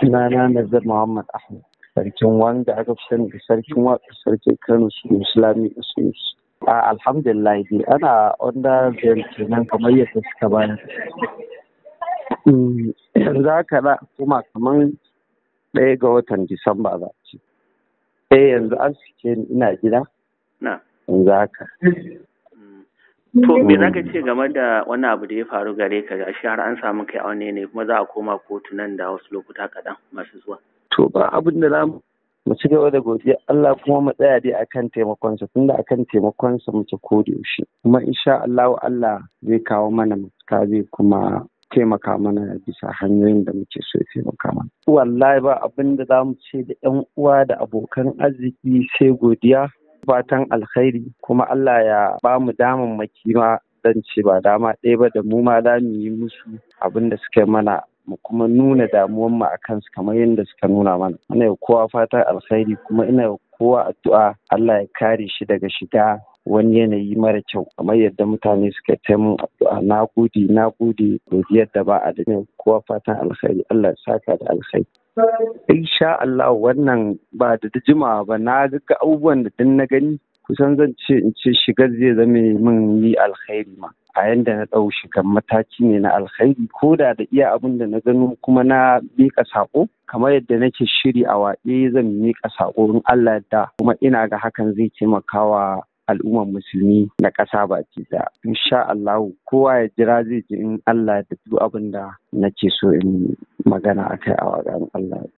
sunana nazar muhammad ahmad sarkin wanda aka fi sani da sarkin watsa sarkin kano su islami usus alhamdulillah dai ana wanda onda kenan kamar yadda suka bayar mm, yanzu haka na kuma kamar ɗaya ga watan disamba za ce eh yanzu an suke ina gida yanzu haka To me za ka mm. ce game da wani abu da ya faru gare ka gashi har an samu kai aune ne kuma za a koma kotu nan da wasu lokuta kaɗan masu zuwa. To ba abin da za mu ci gaba da godiya Allah kuma mu tsaya dai akan taimakonsa tunda akan taimakonsa muke kode shi kuma insha Allah Allah zai kawo mana mafita zai kuma taimaka mana bisa hanyoyin da muke so ya taimaka mana. Wallahi ba abin da za mu ce da 'yan uwa da abokan arziki sai godiya fatan alkhairi kuma Allah ya ba mu damar ma don ce ba dama ɗaya ba da mu ma za mu yi musu abin da suka mana mu kuma nuna damuwan mu akan su kamar yadda suka nuna mana ina yi kowa fatan alkhairi kuma ina yi kowa addu'a Allah ya kare shi daga shiga wani yanayi mara kyau kamar yadda mutane suka taimu addu'a na gode na gode godiyar da ba a da kowa fatan alkhairi Allah ya saka da alkhairi insha Allah wannan ba da jimawa ba na ga abubuwan da din na gani kusan zan ce in ce shiga zai zame min yi alkhairi ma a yanda na ɗau shigar mataki ne na alkhairi ko da da iya abin da na gano kuma na miƙa sako? kamar yadda nake shiri a waɗe zan miƙa sako, in Allah da kuma ina ga hakan zai taimakawa al'ummar musulmi na ƙasa ce da insha Allah kowa ya jira zai ji in Allah da duk abin da nake so in magana akai a wajen Allah